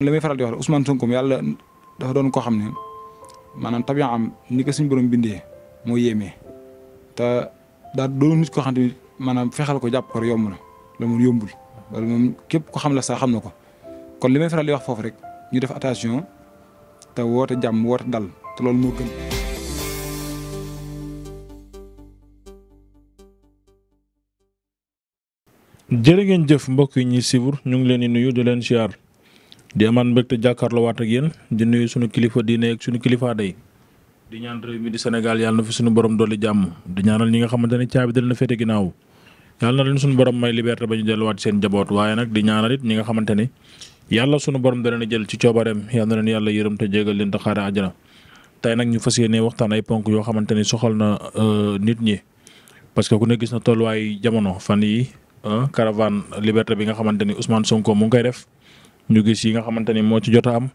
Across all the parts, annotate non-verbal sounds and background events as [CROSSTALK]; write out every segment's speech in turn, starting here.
li may faral di wax de Ousmane Sonko yàlla dafa doon koo xam ne maanaam tabiyaam ni ko suñu borom bindee moo yéemee te daa doon nit koo xam ne maanaam fexeel ko jàpp ko yomb la loolu yombul wala moom képp ko xam la sax xam na ko kon li may faral di wax foofu rek ñu def attention te woote jàmm woote dal te loolu moo gën. jërë mbokk yi ñuy sibur ñu ngi leen di nuyu di leen siyaar di amaat mbégte jàkkaarloowaat ak yéen di nuyu sunu kilifa diine ak sunu kilifa day di ñaan réew mi di Sénégal yàlla fi sunu borom dolli jàmm di ñaanal ñi nga xamante ne caabi dal a fete ginnaaw yàlla na leen sunu borom may liberté ba ñu delluwaat seen njaboot waaye nag di ñaanal it ñi nga xamante ne yàlla sunu borom da a jël ci coobareem yàlla na leen yàlla yërëm te jégal leen te xaare àjjana tey nag ñu fas yéene waxtaan ay ponk yoo xamante ne soxal na euh, nit ñi parce que ku ne gis na tolluwaay jamono fan yi caravane liberté bi nga xamante ni Ousmane Sonko mu koy def ñu gis yi nga xamante ni moo ci jot am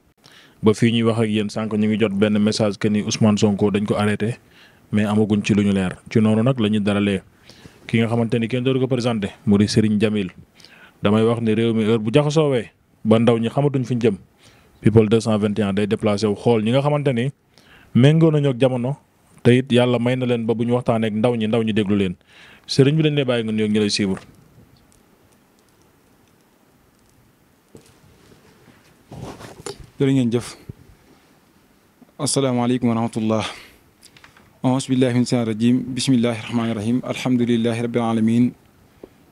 ba fii ñuy wax ak yéen sànq ñu ngi jot benn message que ni Ousmane Sonko dañ ko arrêté mais amaguñ ci lu ñu leer ci noonu nag la ñu dalalee ki nga xamante ni kenn daru ko présenté mu di Serigne Jamil damay wax ni réew mi heure bu jaxasoowee ba ndaw ñi xamatuñ fi ñu jëm people 221 day déplacé wu xool ñi nga xamante ni méngoo nañu ak jamono te it yàlla may na leen ba bu ñu waxtaaneek ndaw ñi ndaw ñi déglu leen Serigne bi dañ lay bàyyi nga nuyoog ñu lay suivre. jërë ngeen jëf asalaamaaleykum wa rahmatullah aousu billahi min saan rajim bismillahi rahmaani rahim alhamdulilahi rabbil alamin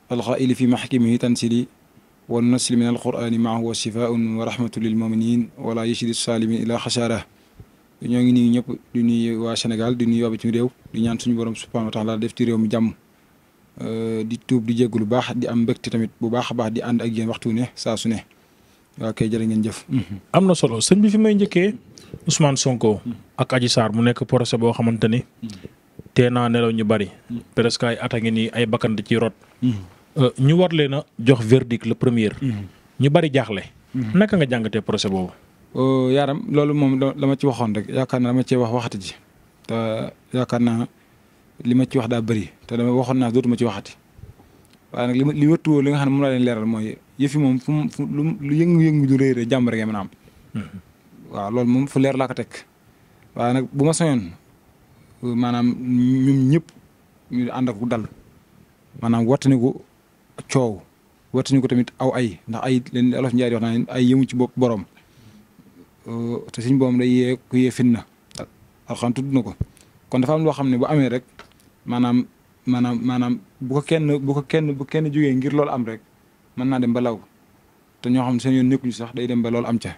alxaili fi maxkimihi tansili wa nasli min alqurani maahu wa shifaun wa rahmatu lil muminin wala yashidi salimin ila xasaara ñoo ngi nuyu ñëpp di nuyu waa Sénégal di nuyu waa réew di suñu borom subhanahu wa taala def ci réew mi jàmm di tuub di jégg lu baax di am mbégte tamit bu baax a baax di ànd ak yéen waxtu ne saa ne waaw kay jërë ngeen jëf. Mhm. am na solo sëñ bi fi may njëkkee Ousmane Sonko. ak Adji Sarr mu nekk procès boo xamante ni. tee naa nelaw ñu bari. presque ay at a ngi nii ay bakkan di ci rot. Mhm. Euh, ñu war leen a jox verdict le première mhm. ñu bari jaaxle. naka nga jàngatee procès boobu. Oh, yaaram loolu moom la ma ci waxoon rek yaakaar naa dama cee wax waxati ji te yaakaar naa li ma ci wax daa bëri te dama waxoon naa dootuma ci waxati waaye nag li ma li wëttuwoo li nga xam ne moom laa leen leeral mooy yëf moom fu mu fu lu yëngu-yëngu du rëy rek jàmm rek mën mm-hmm. waaw loolu moom fu leer laa ko teg waaye nag bu ma soñoon maanaam ñun ñëpp ñu ànd ak dal maanaam wattaniku coow wattaniku tamit aw ay ndax ay leen olof Njaay di wax ay yëmu ci bopp borom uh, te suñ boom day yee ku yee fitna alxam ko kon dafa am loo xam ne bu amee rek maanaam maanaam maanaam bu ko kenn bu ko kenn bu kenn jógee ngir loolu am rek. mën naa dem mbalaw law te ñoo xam ne seen yoon nekkuñu sax day dem ba loolu am ca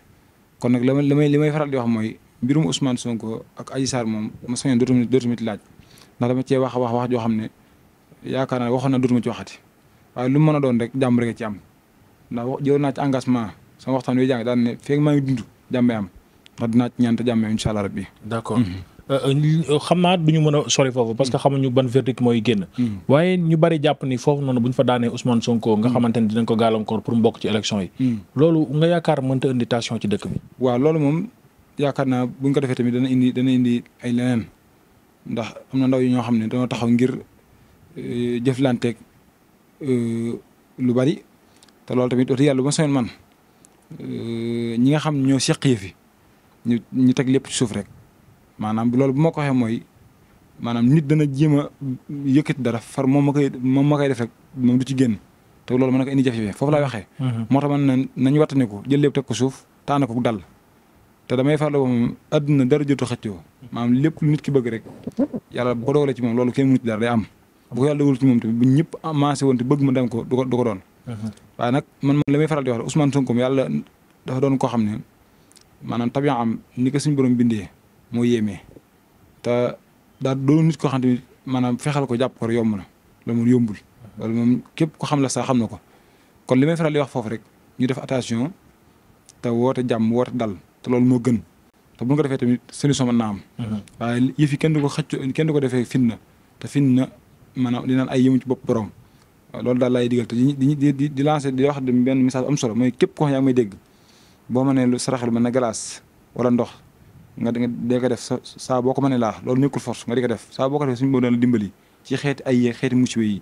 kon nag la may li may faral di wax mooy mbirum Ousmane Sonko ak Adji Sarr moom ma sañoon dootu dootuma ci laaj ndax dama cee wax a wax wax joo xam ne yaakaar naa waxoon na dootuma ci waxati waaye lu mu mën a doon rek jàmm rek ci am ndax jël naa ci engagement sama waxtaan wi jàng daan ne feeg ma ngi dund jàmm am ndax dinaa ci ñaan te jàmm incha allah rabbi Euh, euh, euh, xam naa du ñu mën a sori foofu parce que mm. xam ñu ban verdict mooy génn mm. waaye ñu bari jàpp ni foofu noonu bu ñu fa daanee Ousmane Sonko nga mm. xamante ni dinañ ko gàllankoor pour mu bokk ci élection loolu nga yaakaar mënta indi tension ci dëkk bi waaw loolu moom yaakaar naa buñ ko defee tamit dana indi dana indi ay leneen ndax am na ndaw yi ñoo xam ne dañoo tax ngir jëflanteeg lu bari te loolu tamit oti yàlla bu ma man ñi nga xam ñoo seq yëfi ñu ñu teg lépp ci suuf rek maanaam loolu bu ma ko waxee mooy maanaam nit dana jéem a yëkkati dara far moom ma koy moom ma koy def rek moom du ci génn te loolu man na ko indi jafe-jafe foofu la waxee. Mhm. moo tax man nañ nañu wattandiku jël lépp teg ko suuf taana ko dal te damay farlu ba moom àdduna dara jotu xëccoo maanaam lépp lu nit ki bëgg rek yàlla bu ko dogalee ci moom loolu kenn mënu ci dara am. bu ko yàlla dogalee ñëpp amancé woon te bëgg mu dem ko du ko du ko doon. Mhm. waaye nag man man li may faral di wax Ousmane Sonko yàlla dafa doon koo xam ne maanaam tabiyaam ni ko suñu borom bindee moo yéeme te daal doon nit ko xam te maanaam fexeel ko jàpp ko yomb na loolu moom yombul loolu moom képp ko xam la sax xam na ko kon li may faral di wax foofu rek ñu def attention te woote jàmm woote dal te loolu moo gën te bu ñu ko defee tamit solution mën naa am. Mhm. waaye yëf kenn du ko kenn ko defee fitna te fitna maanaam di naan ay yëmu ci bopp borom loolu daal laay digal te di di di lancer di wax benn message am solo mooy képp koo xam yaa ngi may dégg boo ma nee lu saraxel mën na glace wala ndox. nga dee ko def sa saa ko mënee laa loolu nekkul force nga di ko def saa boo ko defee suñu boobu dana dimbali ci xeeti ay xeeti mucc yi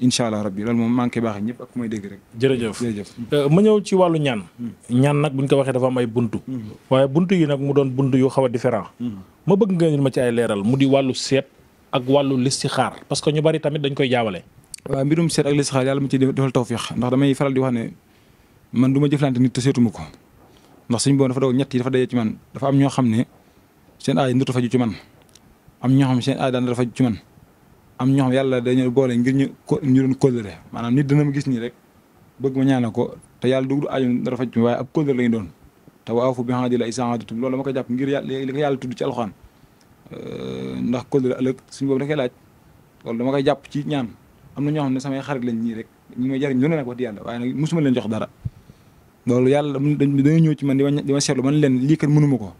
incha allah rabbi loolu moom maa ngi koy baaxee ñëpp ak may dégg rek. jërëjëf jërëjëf. Euh, ma ñëw ci wàllu ñaan. Hmm. ñaan nag buñ ko waxee dafa am buntu. Hmm. waaye bunt yi nag mu doon bunt yu xaw a différent. Hmm. ma bëgg nga ma ci ay leeral mu di wàllu seet ak wàllu xaar parce que ñu bari tamit dañ koy jaawale. waaw mbirum seet ak listixaar yàlla mu ci defal tawfiq ndax damay faral di wax ne man du ma jëflante nit te seetuma ko ndax suñ boobu dafa doon ñett dafa daje ci man dafa am ñoo xam ne seen aay ndutu faju ci man am ñoo xam seen aay daan dafa ci man am ñoo xam yàlla dañu boole ngir ñu ñu doon kóllëre maanaam nit dana ma gis nii rek bëgg ma ñaanal ko te yàlla dugg aju dara faj waaye ab kóllëre doon te waaw fu bi nga xam la isaatum loolu ma ko jàpp ngir yàlla li yàlla tudd ci alxuraan ndax kóllëre ëllëg suñu boobu da koy laaj dama koy jàpp ci ñaan am na ñoo xam ne samay xarit lañ ñii rek ñu may jariñ lu ne nag wax di yàlla waaye musuma leen jox dara loolu yàlla dañoo ñëw ci man di ma di ma man leen lii kat mënuma ko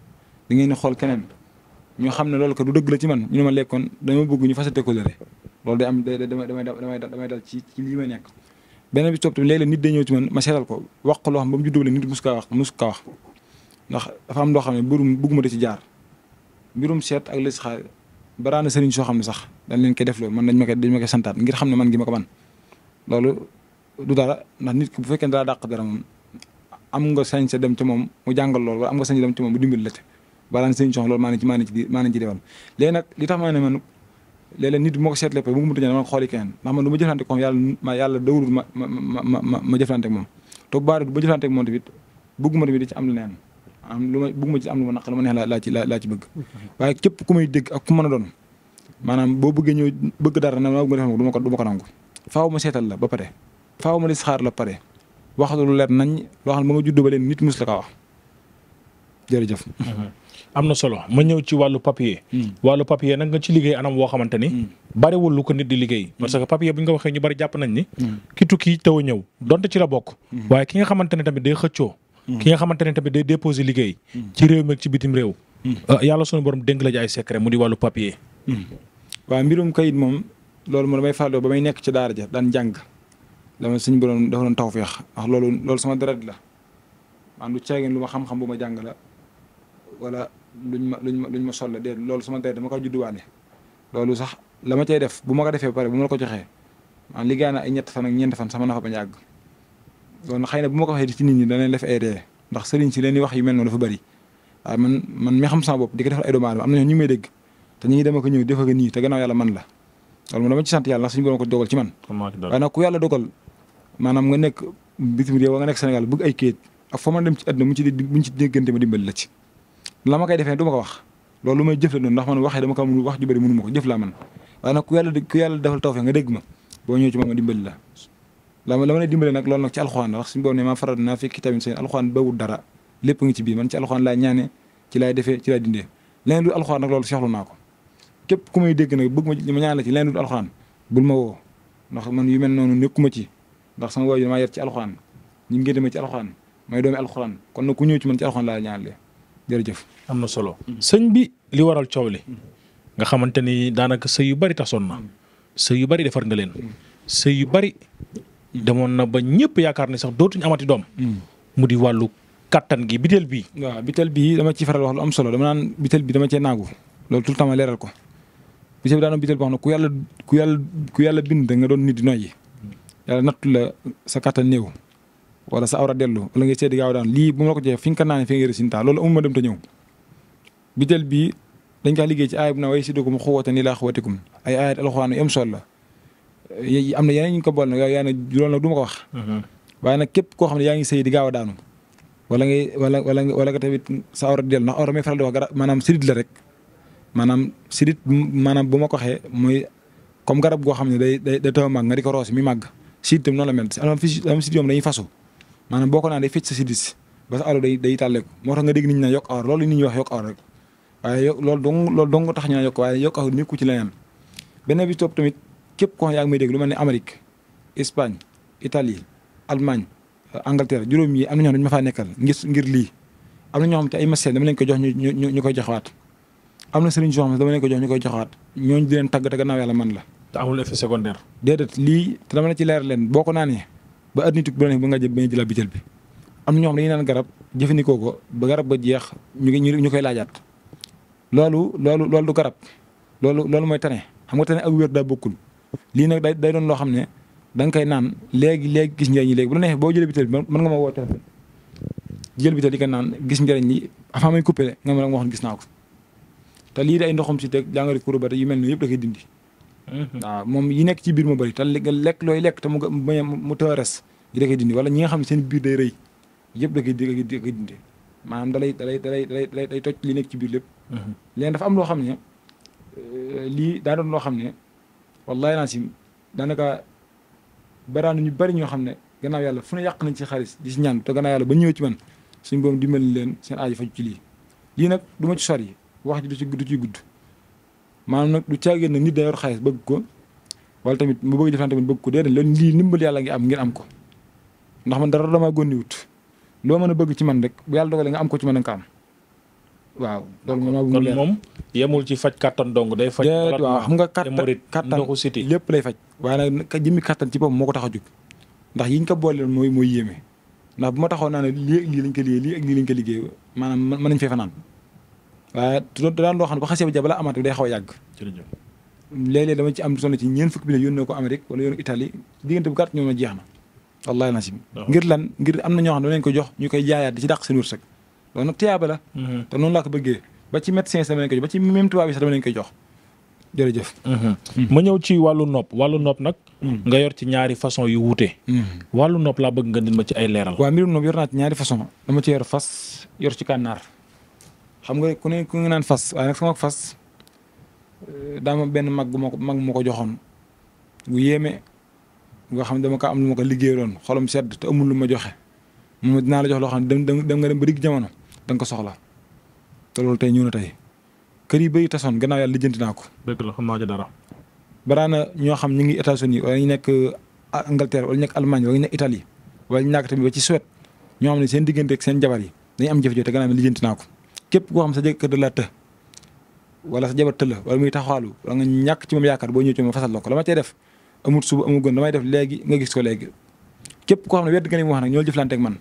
da ngeen xool keneen ñu xam ne loolu kat du dëgg la ci man ñu ne ma lekkoon dama bëgg ñu fasate ko lëre loolu day am damay dal ci lii may nekk. beneen bi ci topp tamit léeg-léeg nit day ma seetal ko wax ko loo xam ba mu juddoo la nit mus wax mus wax ndax dafa am loo xam ne mbirum bëgguma da ci jaar mbirum seet ak listixaar baraana sëriñ soo xam ne sax dañ leen koy def loolu man dañ ma koy ma koy santaat ngir xam ne man gi ma ko man loolu du dara ndax nit ki bu fekkee ne daa dàq dara moom am nga sañ sa dem ci moom mu jàngal loolu am nga sañ sa dem ci mu dimbali la ci balaan sëñ soxla loolu maa nañ ci maa nañ ci maa nañ ci demal li tax ma ne man léeg-léeg nit ma jëflante ko ma yàlla dawrul ma ma ma ma ma jëflante ak moom te baari bu ma jëflante ak moom tamit bëgguma tamit di ci am lu neen am lu ma bëgguma ci am lu ma laa ci bëgg mm-hmm. waaye képp ku may dégg a ku mën a doon maanaam boo bëggee ñëw bëgg dara na ma bëgg nga def du ma ko du ma ko nangu faaw ma seetal la ba pare faaw ma di saxaar la pare wax lu leer nañ loo xam ne ma judd ba leen nit mus la ko wax jërëjëf. am na solo ma ñëw ci wàllu papier. Hmm. wàllu papier nag nga ci liggéey anam woo xamante ni. Hmm. bariwul lu ko nit di liggéey. Hmm. parce que papiye bi ñu ko waxee ñu bari jàpp nañ ni. ki tukki taw a ñëw donte ci la bokk. waaye ki nga xamante ne tamit day xëccoo. ki nga xamante ne tamit day déposer liggéey. ci réew mi ci bitim réew. Ah, yàlla sunu borom dénk la jaay ay secret mu di wàllu papier. waaw mbirum kayit moom loolu moom damay fàttali ba may nekk ci daara ja daan jàng. dama suñu borom dafa doon tawféex ndax loolu loolu sama deret la maanaam lu ceegin lu ma xam-xam bu ma jàng la wala luñ ma luñ ma luñ ma solle déet loolu sama deret dama ko judduwaale loolu sax la ma cay def bu ma ko defee pare bu ma ko joxee maanaam liggéey naa ay ñett fan ak ñeent fan sama na fa ba ñàgg loolu xay na bu ma ko waxee ci nit ñi danañ def ay ree ndax sëriñ si leen di wax yu mel noonu dafa bari waaye man man mi xam sama bopp di ko defal ay doomu aadama am na ñoo ñu ngi may te ñu ngi dema ko ñëw defa ko nii te gannaaw yàlla man la loolu moom yàlla ndax suñu ko dogal ci man waaye maanaam nga nekk bitim réew nga nekk Sénégal bëgg ay kayit ak fa ma dem ci àdduna mu ci mu ci déggante ma dimbali la ci la ma koy defee du ma ko wax loolu lu may jëf la noonu ndax man waxee dama ko mënul wax ju bëri mënu ma ko jëf laa man waaye nag ku yàlla ku yàlla defal tawfeex nga dégg ma boo ñëwee ci moom ma dimbali la la ma la ma ne dimbali nag loolu nag ci alxuraan la wax suñu boobu ne maa faral naa fi kitaabin seen alxuraan bawul dara lépp ngi ci biir man ci alxuraan laay ñaane ci laay defee ci laay dindee leneen lu alxuraan nag loolu soxlu naa ko képp ku may dégg nag bëgg ma ma ñaan la ci leneen lu alxuraan bul ma woo ndax man yu mel noonu nekkuma ci ndax sama waajur maa yar ci alxuraan ñu ngi demee ci alxuraan may doomi alxuraan kon nag ku ñëw ci man ci alxuraan laa ñaanalee jërëjëf. am na solo mm-hmm. sëñ bi li waral coow li mm-hmm. nga xamante ni daanaka sëy yu bari tasoon na mm-hmm. sëy yu bari defar nga leen sëy yu bari demoon na ba ñëpp yaakaar ne sax dootuñ amati doom mu di wàllu kattan gi biteel bii. waaw biteel bii dama ci faral wax lu am solo dama naan biteel bi dama cee naagu loolu tout le temps leeral ko biteel bi daanaka biteel ku yàlla ku yàlla ku yàlla bind nga doon nit di noyyi yàlla nattu la sa kàttan néew wala sa awra dellu wala nga seeti gaaw daan lii bu ma ko joxee fi nga ko naanee fi nga résultat loolu amuma dem te ñëw biteel bii dañ kaa liggéey ci aaya bi na way sidukum xuwatan ilaa xuwatikum ay aayat alxuraan yu am solo la am na yeneen ñu ko boole nag yaa ne loolu nag du ma ko wax mm-hmm. waaye nag képp ko xam ne yaa ngi sëy di gaaw a daanu wala ngay wala wala wala tamit sa awra dellu ndax awra may faral di wax garab maanaam sidit la rek maanaam sidit maanaam bu ma ko waxee mooy comme garab goo xam ne day day taw a màgg nga di ko mi màgg siit tam noonu la mel am na siit yoom dañuy fasu maanaam boo ko naan day fecc sa sidis ba sa awra day day tàlleeku moo tax nga dégg nit ñi naan yokk awra loolu nit ñi wax yokk awra rek waaye yo loolu dong loolu dong tax ñu naan yokk waaye yokk awra nekku ci leneen beneen bi topp tamit képp koo xam yaa ngi may dégg lu mel ne Amérique Espagne Italie Allemagne euh, Angleterre juróom yi am na ñoo xam dañu ma faa nekkal ngir ngir lii am na ñoo xam te ay machine dama leen ko jox ñu ñu koy joxawaat am na sëriñ soo xam dama leen ko jox ñu koy joxawaat ñooñu di leen tàgg te gannaaw yàlla man la amul effet secondaire. déedéet lii te dama la ci leer leen boo ko naanee ba at nit bu ne ba nga jël ba nga jëlaat bi am na ñoo xam naan garab jëfandikoo ko ba garab ba jeex ñu ñu koy laajaat loolu loolu loolu du garab loolu loolu mooy tane xam nga tane ak wér daa bokkul lii nag day day doon loo xam ne da nga naan léegi léegi gis njëriñ léegi bu la neexee boo jëlee butéel bi mën nga ma woo téléphone jël te di ko naan gis njëriñ li avant may coupé nga ma wax gis naa ko te lii day ndoxam si teg jàngoro kuréel ba yu mel nii yëpp da koy dindi waaw mhm. ah, moom yi nekk ci biir mu bëri te lekk looy lekk te mu mu tëres yi da koy dindi wala ñi nga xam ne seen biir day rëy yëpp da koy da koy dindi maanaam dalay dalay dalay dalay day toj li nekk ci biir lépp mhm. leen dafa am loo xam ne euh, lii daa doon loo xam ne wallahi naa si daanaka baraan ñu bari ñoo xam ne gannaaw yàlla fu ne yàq nañ ci xaalis di si ñaan te gannaaw yàlla ba ñëw ci man suñ boobu dimbali leen seen aaju faju ci lii lii nag du ma ci sori wax ji du ci du ciy gudd maanaam nag du caagéen nag nit day yor xaalis bëgg ko wala tamit mu bëgg jëfandikoo tamit bëgg ko déedéet leen lii ndimbal yàlla ngi am ngeen am ko ndax man dara damaa góndi wut loo mën a bëgg ci man rek bu yàlla dogalee nga am ko ci man nga am waaw loolu moom kon moom yemul ci faj kattan dong day faj waaw xam nga kattan kattan lépp lay faj waaye nag jëmmi kattan ci boppam moo ko tax a jóg ndax yiñ ko booleel mooy mooy yéeme ndax bu ma taxoon naa ne lii ak lii lañ ko liggéey lii ak lii lañ ko fee fanaan waaye daan loo xam ne ba xasee ba jabala amaat day xaw a yàgg léeg-léeg dama ci am sonn ci ñeen fukki bi ne yónnee ko Amérique wala yónnee Italie diggante bu gàtt ñoom na jeex na wallahi nasim ah. ngir lan ngir am na ñoo xam ne ko jox ñu koy jaayaat di ci dàq seen wërsëg loolu nag tiyaaba la mm-hmm. te noonu laa ko bëggee ba ci médecin sax dama leen koy jox ba ci même tubaab yi sax dama leen koy jox mm-hmm. mm. ma ñëw ci wàllu nopp wàllu nopp nag mm. nga yor ci ñaari façon yu wute mm. wàllu nopp laa bëgg nga nit ma ci ay leeral waa mbirum nopp yor naa ci ñaari façon dama ci yor fas yor ci kànnaar xam nga ku ne ku ngi naan fas waaye nag sama fas eh, daa ma benn mag bu ko mag ma ko joxoon bu yéeme nga xam dama ko am lu ma ko liggéeyaloon xolam sedd te amul lu ma joxe moom dinaa la jox loo xam ne dem dem nga dem jamono da ko soxla te loolu tey ñëw na tey kër yi bëri tasoon gannaaw yàlla lijjanti naa ko. dëgg la xam naa ci dara. ñoo xam ñu ngi États-Unis wala nekk ah, Angleterre wala ñu nekk Allemagne wala ñu nekk Italie wala ñu nekk tamit ba ci Suède ñoo xam ne seen diggante ak seen jabar yi dañ am jafe-jafe te gannaaw lijjanti naa ko képp koo xam la të wala sa ko la ma cay def amul suba ko léegi képp koo xam ne wedd nga ni mu wax nag ñoo jëflante ak man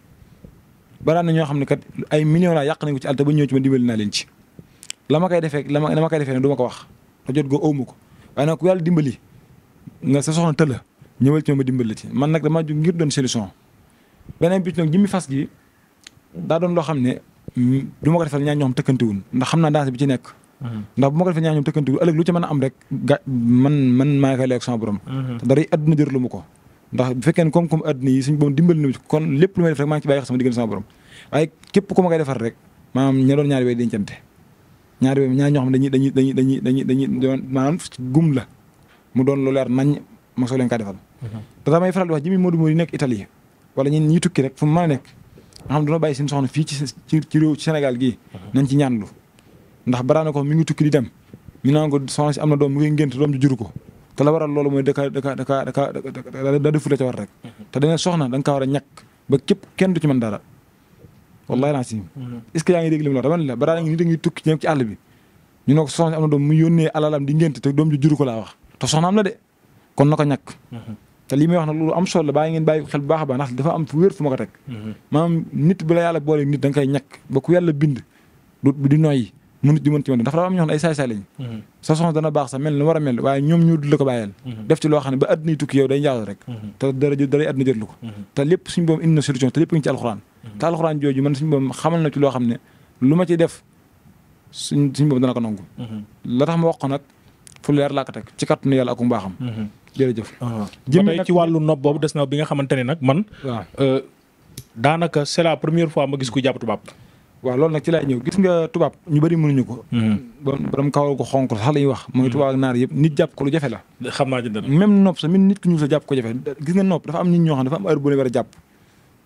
baraan na ñoo xam ne kat ay millions laa yàq nañ ci àll ba ñëw man dimbali naa la ma koy defee la ma koy defee ne du ma ko wax te jot goo ëwma ko waaye nag ku yàlla dimbali nga sa soxna tëla ñëwal ci moom ma dimbali la ci man nag dama jóg ngir doon solution beneen bi ci nag fas gi daa doon loo xam ne du ma ko defal ñaar ñoo xam tëkkantiwul mhm. bu ma ko defee ñaar a am rek ga man man maa ngi koy lekk sama borom. Mhm. te dara yi àdduna na ma koy defar la mu doon lu leer nañ ma soo leen kaa defal. Mhm. te damay faral di wax jëmi Modou Modou nekk Italie wala ñi tukki rek fu mu mën a nekk nga xam dañoo bàyyi seen soxna fii ci ci réew ci Sénégal gii ndax baraana ko mi ngi tukki di dem ñu naan ko soxna si am na doom mu ngi ko te la waral loolu mooy daka daka daka daka daa da nga a ba képp kenn ne la da ngi tukki ñëw ci àll bi ñu ne ko soxna di ngént te doom ju juru ko laa wax te soxna am la de kon na ko te li may wax nag loolu am solo la bàyyi ngeen a baax ndax dafa am fu wér mhm. da nga mhm. sa soxna dana baax a mel waaye ñoom ñoo dul la mhm. ba àddina tukki yow day njaaw rek. te dara dara àddina jotlu ko. te lépp suñu boom indi na na ci loo lu ma ci def suñ boom dana ko nangu. la tax ma wax ko nag fu leer laa ko teg ci kàttanu yàlla ak mbaaxam jërëjëf. jëmee ah. nag ci wàllu nopp boobu des na bi nga xamante ne nag man. waaw euh, daanaka c'est la première fois ma gis ko jàpp tubaab. waa loolu nag ci laay ñëw gis nga tubaab ñu bëri mënuñu ko. Hmm. bon borom kawal ko xonk sax la ñuy wax. mooy hmm. tubaab ak naar yëpp nit jàpp ko lu jafe la. xam naa ci dara même nopp sax nit ku ñu sa jàpp ko jafe gis nga nopp dafa am nit ñoo xam dafa am heure bu jàpp.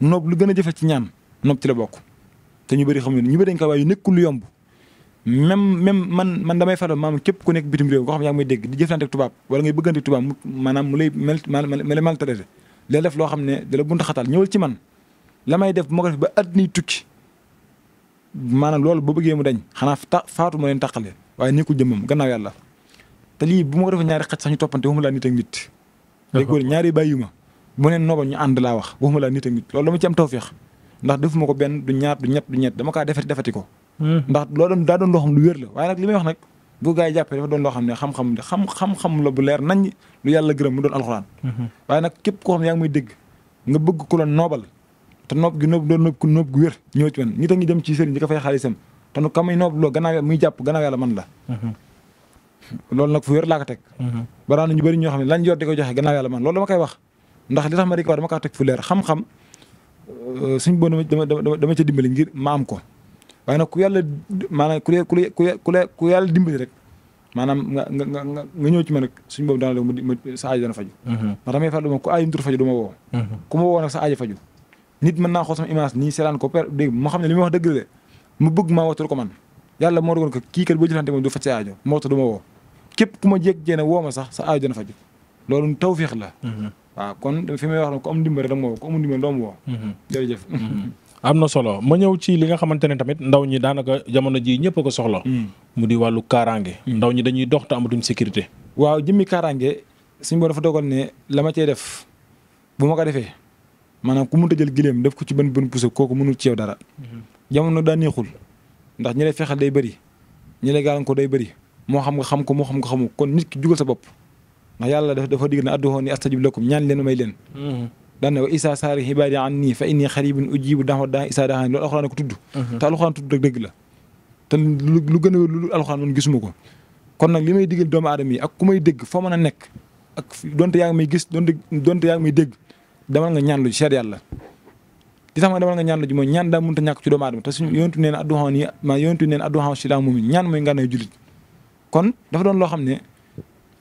nopp lu gën a jafe ci ñaan nopp ci la bokk te ñu bëri xamuñu ñu bëri dañ ko waaye nekkul lu même même man man damay faral maam képp ku nekk bitim réew koo xam yaa ngi may dégg di jëflante ak tubaab wala ngay bëggante tubaab mu maanaam mu lay mel mel maltraité lay def loo xam ne da la buntu xatal ñëwal man la may def bu ma ko def ba at niy tukki maanaam loolu bu bëggee mu dañ xanaa ta faatu ma leen tàqale waaye nekkul jëmmam gannaaw yàlla te lii bu ma ko ñaari xaj sax ñu toppante waxuma laa nit ak nit day góor ñaari bàyyi ma mu neen nooba ñu ànd laa wax waxuma laa nit ak nit loolu dama ci am defuma ko benn du ñaar du ñett du dama kaa defati defati ko Hmm. ndax loo doon daa doon loo xam lu wér la waaye nag li may wax nag bu gaa yi jàppee dafa doon loo xam ne xam-xam xam xam xam la bu leer nañ lu yàlla gërëm mu doon alxuraan hmm. waaye nag képp koo xam ne yaa ngi muy dégg nga bëgg ku la noobal te noob gi noob doon noob ku noob gu wér ñëw ci man ñi tax ñu dem la hmm. loolu nag fu wér laa ko teg baraan na ñu bëri ñoo xam ne lañ yor di ko joxe gannaaw yàlla man loolu dama koy wax ndax li tax ma di ko wax dama kaa teg fu leer xam-xam euh, suñ boo dama dama dama ca dimbali ma ko waaye nag ku yàlla maanaam ku ku ku ku yàlla dimbali rek maanaam nga nga nga nga ñëw ci man nag suñu boobu daanaka ma sa aajo dana faju mhm. ndax damay fàttali ma ku aajum tur faju du ma woo. Mhm. ku ma woo ma xam ne la mu bëgg maa ko man yàlla moo doon ko kii kat boo jëfante moom du faj sa aajo moo tax du woo képp ku ma jékki-jékki woo ma sax sa aajo dana faju loolu tawféex la. Mhm. waaw kon fi may wax nag ku am dimbali rek moo woo ku am na solo ma ñëw ci li nga xamante ne tamit ndaw ñi daanaka jamono ji ñëpp a ko soxla. Hmm. mu di wàllu kaaraange. Hmm. ndaw ñi dañuy dox te amatuñ sécurité. waaw jëmmi kaaraange suñu borom dafa dogal ne la cee def bu ma ko defee maanaam ku mënut a jël gileem def ko ci benn benn pousse kooku mënul ci yow dara. Hmm. jamono daa neexul ndax ñi lay fexal day bëri ñi lay gàllankoor day bëri moo xam nga xam ko moo xam nga xamu kon nit ki jugal sa bopp ndax yàlla dafa dafa digg ne adduhoo ni astajib lakum ñaan leen may leen. daan na saar isa saari xibaari an nii fa inni xaribun ujibu daxwa daa isa daaxaani loolu alxuraan ko tudd mhm. te alxuraan tudd rek la te lu gën a wér lu alxuraan man gisuma ko kon nag li may digal doomu aadama yi ak ku may dégg foo mën a nekk ak donte yaa ngi may gis donte donte yaa may dégg demal nga ñaan lu ji seet yàlla li tax ma demal nga ñaan lu ji mooy ñaan daa mënut a ñàkk ci doomu aadama te suñu yontu neen adduxaan yi ma yontu si ñaan mooy nga nay julit kon dafa doon loo xam ne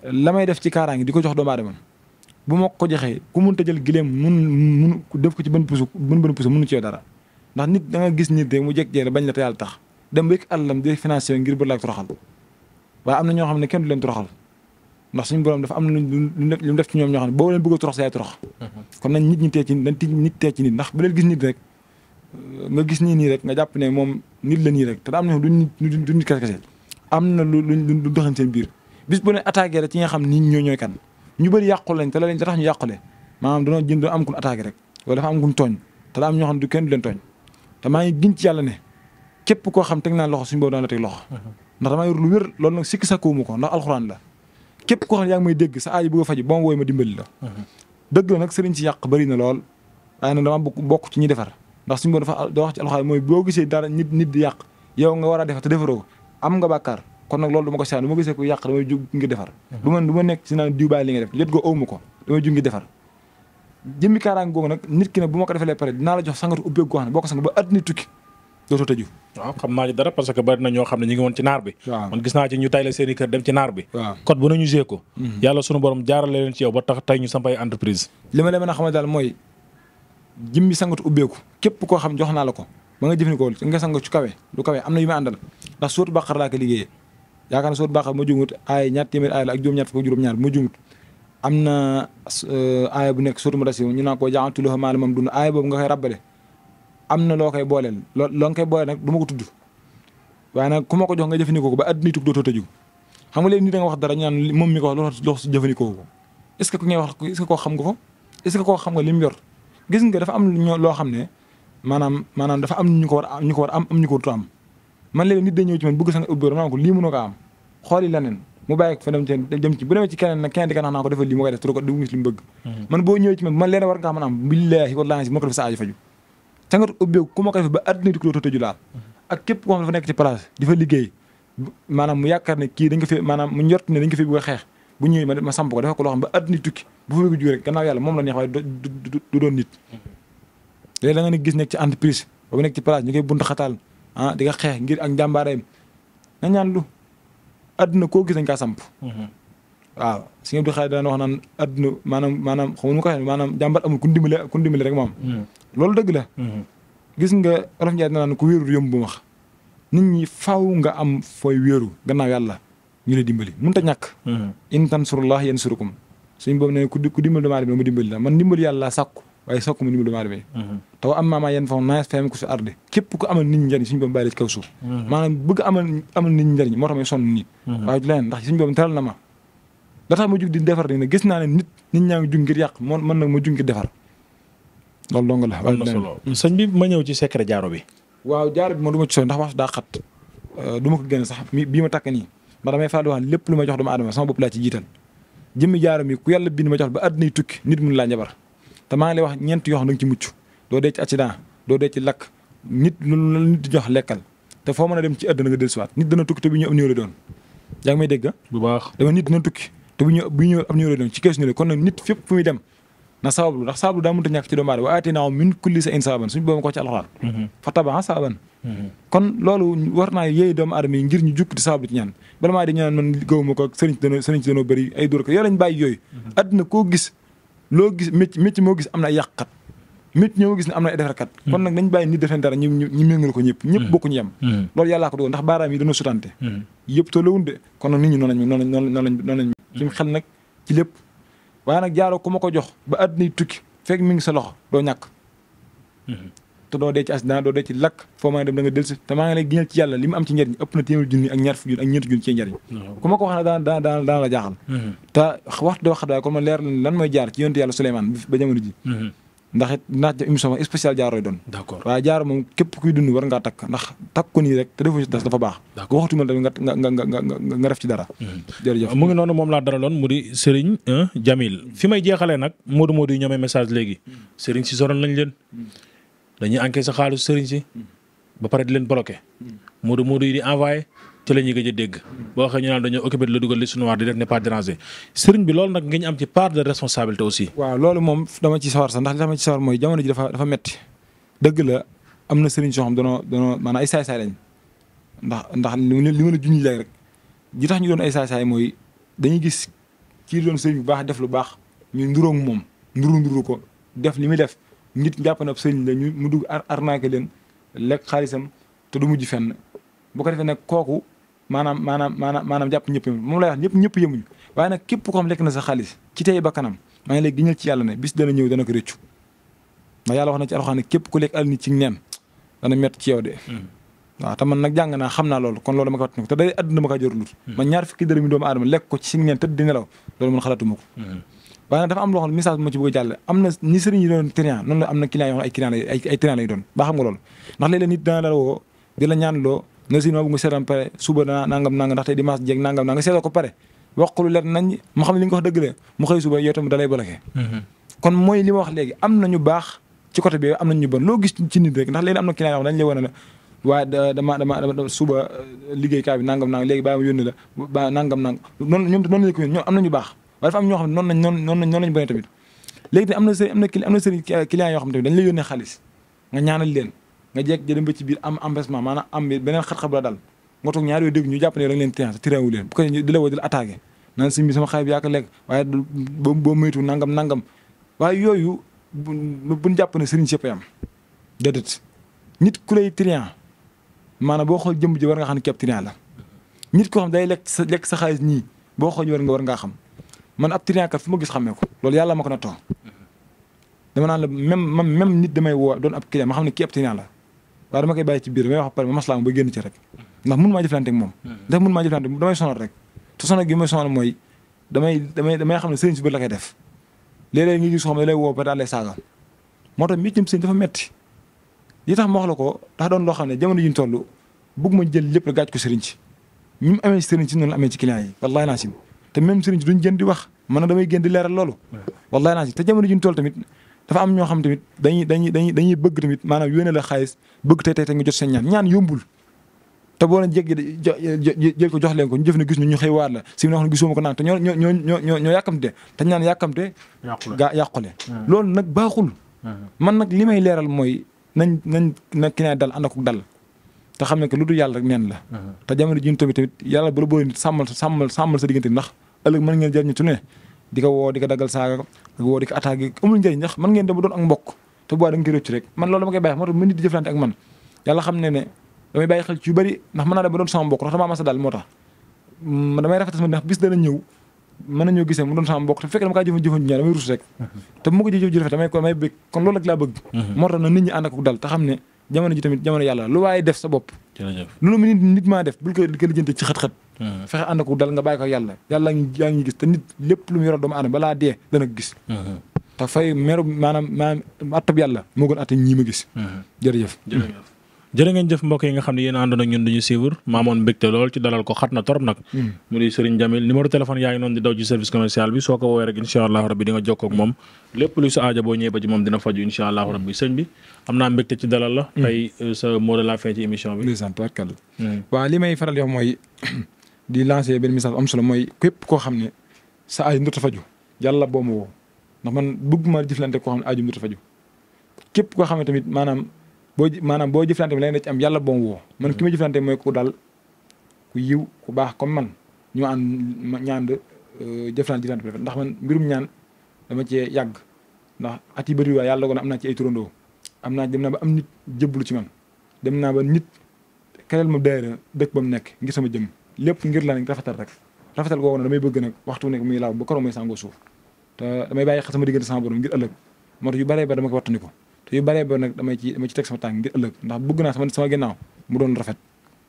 la may def ci kaaraange di ko jox doomu aadama bu ma ko joxee ku mënta jël gileem mun mun def ko ci bën pusu bën bën dara ndax nit danga gis nit de mu jékki jeere bañ la te yàlla tax dem rek àllam di financé ngir bëgg laa toroxal waaye am na ñoo xam ne kenn du leen toroxal ndax suñu borom dafa am na lu def ci ñoom ñoo xam ne boo leen bëgg a torox sa yaay torox mm-hmm. kon nañ nit ñi tee nit ndax bu leen gis nit rek nga gis nii nii rek nga jàpp ne moom nit la nii rek te am na du nit du nit kese kese am na lu lu doxin seen biir bis bu ne attaqué rek ci nga xam nit ñoo ñooy kan ñu bëri yàqul lañ te la lañ tax ñu yàqule maanaam danoo jënd am kun attaqué rek wala dafa am kun tooñ te daa am ñoo xam du kenn du leen tooñ maa ngi giñ ci yàlla ne képp koo xam teg naa loxo suñu boobu daan la teg loxo ndax damaa yor lu wér loolu nag sikki ko ndax alxuraan la képp koo xam ne yaa ngi dégg sa aaji bëgg a faju ma wooy ma dimbali la dëgg la nag sëriñ ci yàq na lool waaye nag dama bokk ci ñi defar ndax suñu boobu dafa da wax ci mooy boo gisee dara nit nit di yàq yow nga war a defar te defaroo am nga bàkkaar kon nag loolu du ma ko seetaan du ma gisee ku yàq damay jug ngir defar du nekk si naan diw bàyyi nga def léet goo awma ko damay jug ngir defar jëmmi kaaraange googu nag nit ki nag bu ma ko defalee pare dinaa la jox sangatu ubbeeg goo xam ne boo ko sang parce que bari na ñoo xam ne ñu woon ci naar bi man gis naa ci ñu tay la seen i kër dem ci naar bi code bu nañu gée ko mhm. yàlla sunu borom jaarale leen ci yow ba tax tey ñu sampay entreprise li ma a xamal daal mooy jëmmi sangatu ubbeeku képp koo xam jox naa la ko ba nga jëfandikoo nga sango ci kawe lu kawe am na yu ma àndal ndax sóotu bàqar laa ko liggéeyee yaakaar na sóot baaxal ma jumut aay ñaar téeméer aay la ak juróom-ñaar fukk juróom-ñaar ma jumut am na euh, aaya bu nekk sóotu Mudassir ñu naan ko jaxantuloo maanaam moom dund aaya boobu nga koy rabbale am na loo koy booleel loo loo koy booleel nag du ma ko tudd waaye nag ku ma ko jox nga jëfandikoo ko ba adduna tukk dootoo tëju xam nga wax dara ñu naan moom mi ko wax loo su jëfandikoo ko est-ce que ku nga ko xam nga li mu yor gis nga dafa am loo xam ne maanaam maanaam dafa am ñu ko war am ñu ko war am am ñu ko war am man léegi nit day ñëw ci man bëgg sa nga ubbi ma ko lii mënoo ko am xool yi leneen mu bàyyi ko fa dem ci dem ci bu demee ci keneen nag keneen di ko nax naa ko defal lii ma koy def trop du gis li mu bëgg mhm. man boo ñëwee ci man man leen war nga xam mën am billaahi wallaahi si ma ko def sa aajo faju sa nga ubbi ku ma ko def ba adduna di ko dootoo tëju laal mhm. ak képp koo xam dafa nekk ci place di fa liggéey maanaam mu yaakaar ne kii dañ ko fi maanaam mu njort ne dañ ko fi bëgg a xeex bu ñëwee ma ma samp ko dafa ko loo xam ba adduna tukki bu fa bëgg jóge rek gannaaw yàlla moom la neex waaye du doon nit mhm. léegi da nga gis nekk ci entreprise boobu nekk ci place ñu koy bunt xataal ah di nga xeex ngir ak njàmbaareem lu adduna koo gis nañ kaa samp. Mhm. waaw si ngeen di xaar daan wax naan maanaam maanaam xaw ma ko waxee rek moom. Mhm. loolu dëgg mhm. gis nga Olof Njaay daan naan ku wéeru yomb bu wax nit ñi faaw nga am fooy wéeru gannaaw yàlla ñu la dimbali mënut a ñàkk. in tansurullah yansurkum suñ boobu nee ku di dimbali damaa dimbali la man dimbali yàlla laa waaye sàkku mu dimbalu doomu aadama mhm. taw am maamaa yenn faw naes fm ko si arde képp ku amal nit ñi njëriñ suñu borom bàyyi la ci kaw suuf mhm. maanaam bëgg amal amal nit ñi njëriñ moo tax may sonn nit mhm. waaye du leen ndax suñu borom teral na ma da tax ma jug di defar ni ne gis naa ne nit nit ñaa ngi jug ngir yàq moo mën nag ma jug ngir defar loolu dong la sëñ bi ma ñëw ci secret jaaro bi waaw jaaro bi moom du ma ci sooy ndax wax daa xat euh, du ma ko génn sax bii ma takk nii ndax damay faral di wax lépp lu ma jox doomu aadama sama bopp laa ci jiital jëmmi jaaro mi ku yàlla bind ma jox ba àddina tukki nit mun laa njabar te maa ngi lay wax ñeent yoo xam da nga ci mucc doo dee ci accident doo dee ci lakk nit lu nit di jox lekkal te foo mën a dem ci àddina nga dellusiwaat nit dana tukki te bu ñëw am néew la doon yaa ngi nit dana tukki te bu ñëw am néew la doon ci kees ñu la kon nag nit fépp fu muy na sabablu ndax sabablu daa mënta ñàkk ci doomu aadama wa aataynaa min kulli shay'in sababan ci alxuraan mhm. mhm. bala maa di ñaan man gëwuma ko sëriñ ci danoo sëriñ ci lañ bàyyi yooyu mhm. àddina koo gis loo gis métti métti moo gis am na ay yàqkat métti ñoo gis ne am na ay defarkat hmm. kon nag nañ bàyyi nit defeen dara ñu ñu méngale ko ñëpp ñëpp hmm. bokkuñu yem hmm. loolu yàllaa ko dogal ndax baaraam yi dañoo sutante yëpp tollawun de kon nag nit ñi noonu lañ noonu lañ noonu lañ noonu lañ suñu xel nag ci lépp waaye nag jaaroo ku ma ko jox ba àddina tukki fekk mi ngi sa loxo doo ñàkk te doo dee ci accident lakk foo nga delsi te maa ngi lay ci yàlla li am ci njariñ ëpp ma ko wax ne daan daan la jaaxal mm-hmm. te waxtu doo xadaay kon ma leer lan mooy jaar ci yonte yàlla Souleymane ba jamono ji mm-hmm. ndax it naaj émission ma spécial jaarooy doon d'accord waaye jaar moom képp kuy dund war ngaa takk ndax takk ko nii rek te defuñu das dafa baax ko waxtu ma tamit nga nga nga nga def ci dara mm-hmm. jërëjëf mu ngi noonu moom laa daraloon mu di Serigne Jamil fi may jeexalee nag Modou Modou yi ñoomee message dañuy encaissé xaalis sëriñ si ba pare di leen bloqué. Moodu Moodu yi di envoyé ci la ñuy gëj a dégg. boo waxee ñu naan dañoo occupé la dugal liste noire di def ne pas déranger sëriñ bi loolu nag nga am ci part de responsabilité aussi. waaw loolu moom dama ci sawar sax ndax li dama ci sawar mooy jamono ji la am na sëriñ soo xam danoo danoo maanaam ay saay-saay lañ ndax ndax li ma la junj léegi rek li tax ñu doon ay saay-saay mooy dañuy gis ci doon sëriñ bu baax def lu baax ñu nduróog moom nduru nduru ko def li muy def nit jàpp na sëriñ la ñu mu dugg arnaqué leen lekk xaalisam te du mujj fenn bu ko defee nag kooku maanaam maanaam maanaam maanaam jàpp ñëpp yemuñu moom lay wax ñëpp ñëpp yemuñu waaye na képp ko xam lekk na sa xaalis ci tey ba kanam maa ngi lay giñal ci yàlla na bis dana ñëw dana ko rëccu ndax yàlla wax na ci alxuraan ne képp ku lekk al nit ci neen dana métti ci yow de hmm. waaw nag jàng naa xam naa loolu kon loolu dama ko wattandiku te day adduna ma kaa jërulut hmm. man ñaar fukki dërëm yi doomu aadama lekk ko ci si neen tëdd di nelaw loolu waaye nag dafa am loo xam ne message bu ma ci bëgg a jàll am na ñi sëriñ yi doon client noonu la am na client yoo xam ay client lay ay client lay doon ba xam nga loolu ko pare li wax dëgg la mu xëy mm-hmm. am baax ci côté bi am nañu bon loo gis ci nit rek ndax léegi na client yoo xam dañ lay wane la waaye dama dama dama suba euh, liggéeykaay bi nangam nangam léegi bàyyi ma yónni la ba nangam nangam noonu ñoom noonu la ko yónni ñoom am baax waaye dafa am ñoo xam noonu noonu noonu noonu tamit léegi am na sëriñ am na am na sëriñ client yoo xam tamit dañ la yónnee xaalis nga ñaanal leen nga jekk jëdem ba ci biir am empêchement maanaam am beneen xat-xat la dal nga toog ñaari yooyu dégg ñu jàpp ne rek leen tiance tiréwu leen bu ko di la woo di la attaqué naan si mi bi waaye nangam nangam waaye yooyu bu jàpp ne sëriñ sëpp am déedéet nit ku lay trian maanaam boo xool jëmb ji war nga xam ne képp trian la nit koo xam day lekk sa lekk sa xaalis ñii boo xool war nga war ngaa xam man ab triankat fu ma gis xamee ko loolu yàlla ma ko nattoo dama naan la même man même nit damay woo doon ab client ma xam ne kii ab triant la waaye dama koy bàyyi ci biir damay wax pare ma maslaa ba génn ci rek ndax maa jëflante moom ndax mun maa jëflante damay sonal rek te sonal damay damay damay xam ne sëriñ si bët la koy def léeg-léeg ngi gis soo lay woo ba daal lay saaga moo tax méccam sëriñ dafa metti li tax ma wax la ko ndax doon xam ne jamono yi ñu toll bëgg ma jël lépp rek gaaj ko sëriñ si ñi mu amee sëriñ si noonu la amee ci client yi wallaahi naa sim te même sëriñ si duñ gën di wax man damay gën di leeral loolu. wallahi naa si te jamono tamit xam tamit dañuy dañuy dañuy dañuy bëgg tamit maanaam yónnee la xaalis bëgg tey tey tey nga jot seen ñaan ñaan yombul. te boo leen jéggi jël ko jox ñu jëf ne gis ñu ñu xëy waar la si na xam ne gisuma ko naan te ñoo ñoo ñoo ñoo ñoo yàkkamte te ñaan yàkkamte gaa yàqule hmm. loolu nag baaxul hmm. man nag li may leeral na ki naay dal ànd ak dal te xam ne que lu dul yàlla rek neen la hmm. te jamono ji ñu tamit tamit yàlla bu la sa diggante ëllëg mën ngeen jëriñu ci ne di ko woo di ko daggal saaga di ko woo di ko attaqué amul njëriñ ndax mën ngeen dem ba doon ak mbokk te bu da nga koy rëcc rek man loolu ma koy bàyyi moo tax mu nit di jëflante ak man yàlla xam ne ne damay bàyyi xel ci yu bëri ndax mën naa dem ba doon sama mbokk ndax damaa masa daal moo tax mm, damay rafetal sama ndax bis dana ñëw mën nañoo gisee mu doon sama mbokk te fekk dama kaa jëfan jëfan ñaar damay rus rek te bu ma ko jëf jëf ju rafet damay ko damay bëgg kon loolu rek laa bëgg moo tax na nit ñi ànd ak dal te xam ne jamono ji tamit jamono yàlla lu waaye def sa bopp lu mu nit nit maa def bul ko gën a ci xët-xët hmm. fexe ànd ko dal nga bàyyi ko yàlla yàlla ngi yaa ngi gis te nit lépp lu mu yoroon doomu aadama balaa dee dana ko gis hmm. te fay meru maanaam maanaam attab yàlla moo gën atta ñii ma gis hmm. jërëjëf jërë ngeen jëf mbokk yi nga xam ne yéen àndoon ñun duñu suivre maamoon mbégte lool ci dalal ko xat na torop nag mm. mu di Serigne Jamil numéro téléphone yaa noonu di daw ci service commercial bi soo ko woowee rek incha allahu rabbi di nga jokkoo moom lépp lu sa aaja boo moom mm. euh, sa mot de la mm. [CLEARS THROAT] di lancer benn message am solo mooy képp koo xam ne sa aaju ndota faju yàlla boo ma woo ndax man bëgg ma jëflante koo xam ne aaju ndota faju képp koo xam ne tamit maanaam boo maanaam boo jëflante bi leneen da ci am yàlla bon woo man ki ma jëflante mooy ku dal ku yiw ku baax comme man ñu ànd ñaand euh, jëflante jëflante bi ndax man mbirum ñaan dama cee yàgg ndax at yi bëri waa yàlla goon am na ci ay turandoo am naa dem ba am nit jëblu ci man dem naa ba nit keneen ma daayira dëkk ba mu nekk ngir sama jëm rek rafetal googu nag damay bëgg nag waxtu nekk muy laaw ba koro sàngoo suuf te damay bàyyi xel sama diggante sama borom ngir ëllëg moo tax yu bare ba dama ko te yu bëree boo nag damay ci damay sama tànk ngir ëllëg ndax bëgg naa sama sama ginnaaw mu doon rafet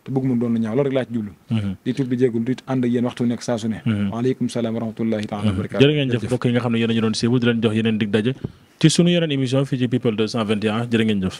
te bëgg mu doon lu ñaaw loolu rek laa ci jublu mhm. di tuub di jéggul di ànd ak yéen waxtu nekk saa su mhm. salaam wa rahmatullahi taala mhm. barakatu jërë ngeen jëf mbokk nga xam ne yéen ñu doon siiwul di leen jox yeneen dig daje ci sunu yeneen émission fii ci people 221 jërë ngeen jëf